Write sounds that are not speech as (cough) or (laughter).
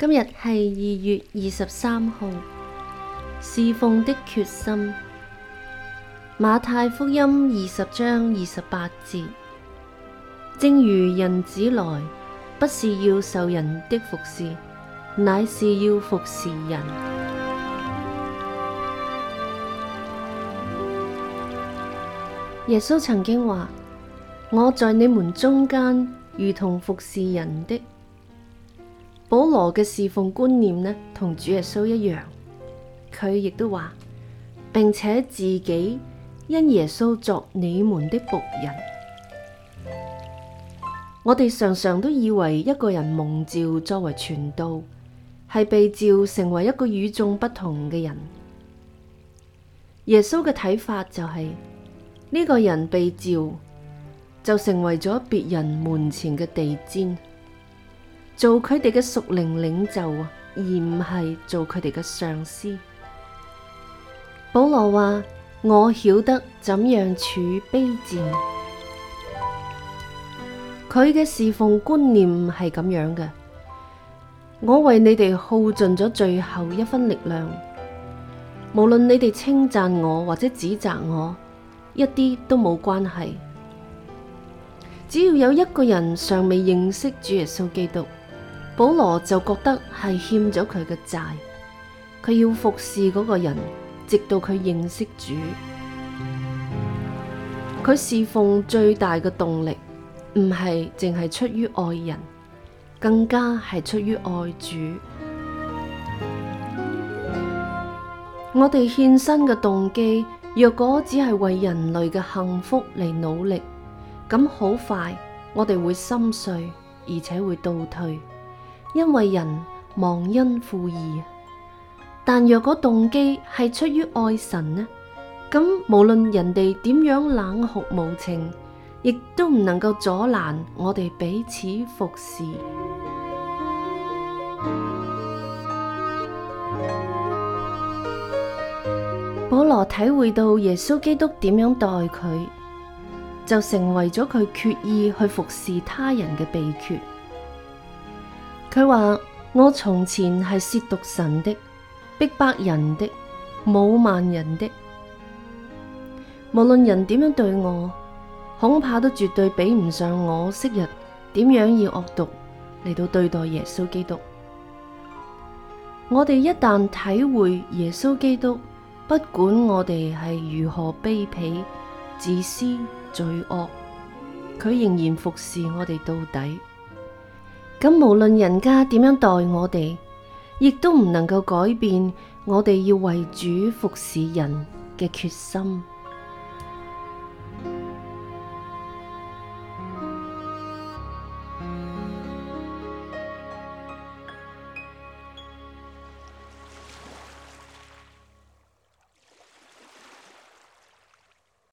今日係二月二十三號，侍奉的決心。馬太福音二十章二十八節，正如人子來，不是要受人的服侍，乃是要服侍人。耶穌曾經話：我在你們中間，如同服侍人的。保羅嘅侍奉觀念呢，同主耶穌一樣，佢亦都話，並且自己因耶穌作你們的僕人。我哋常常都以為一個人蒙召作為傳道，係被召成為一個與眾不同嘅人。耶穌嘅睇法就係、是、呢、這個人被召，就成為咗別人門前嘅地氈。做佢哋嘅屬靈領袖啊，而唔係做佢哋嘅上司。保羅話：我曉得怎樣處卑賤。佢嘅侍奉觀念係咁樣嘅。我為你哋耗盡咗最後一分力量，無論你哋稱讚我或者指責我，一啲都冇關係。只要有一個人尚未認識主耶穌基督。保羅就覺得係欠咗佢嘅債，佢要服侍嗰個人，直到佢認識主。佢侍奉最大嘅動力，唔係淨係出於愛人，更加係出於愛主。我哋獻身嘅動機，若果只係為人類嘅幸福嚟努力，咁好快，我哋會心碎，而且會倒退。因為人忘恩負義，但若果動機係出於愛神呢，咁無論人哋點樣冷酷無情，亦都唔能夠阻攔我哋彼此服侍。保 (music) 羅體會到耶穌基督點樣待佢，就成為咗佢決意去服侍他人嘅秘訣。佢話：我從前係褻瀆神的，逼迫人的，侮辱人的。無論人點樣對我，恐怕都絕對比唔上我昔日點樣以惡毒嚟到對待耶穌基督。我哋一旦體會耶穌基督，不管我哋係如何卑鄙、自私、罪惡，佢仍然服侍我哋到底。咁無論人家點樣待我哋，亦都唔能夠改變我哋要為主服侍人嘅決心。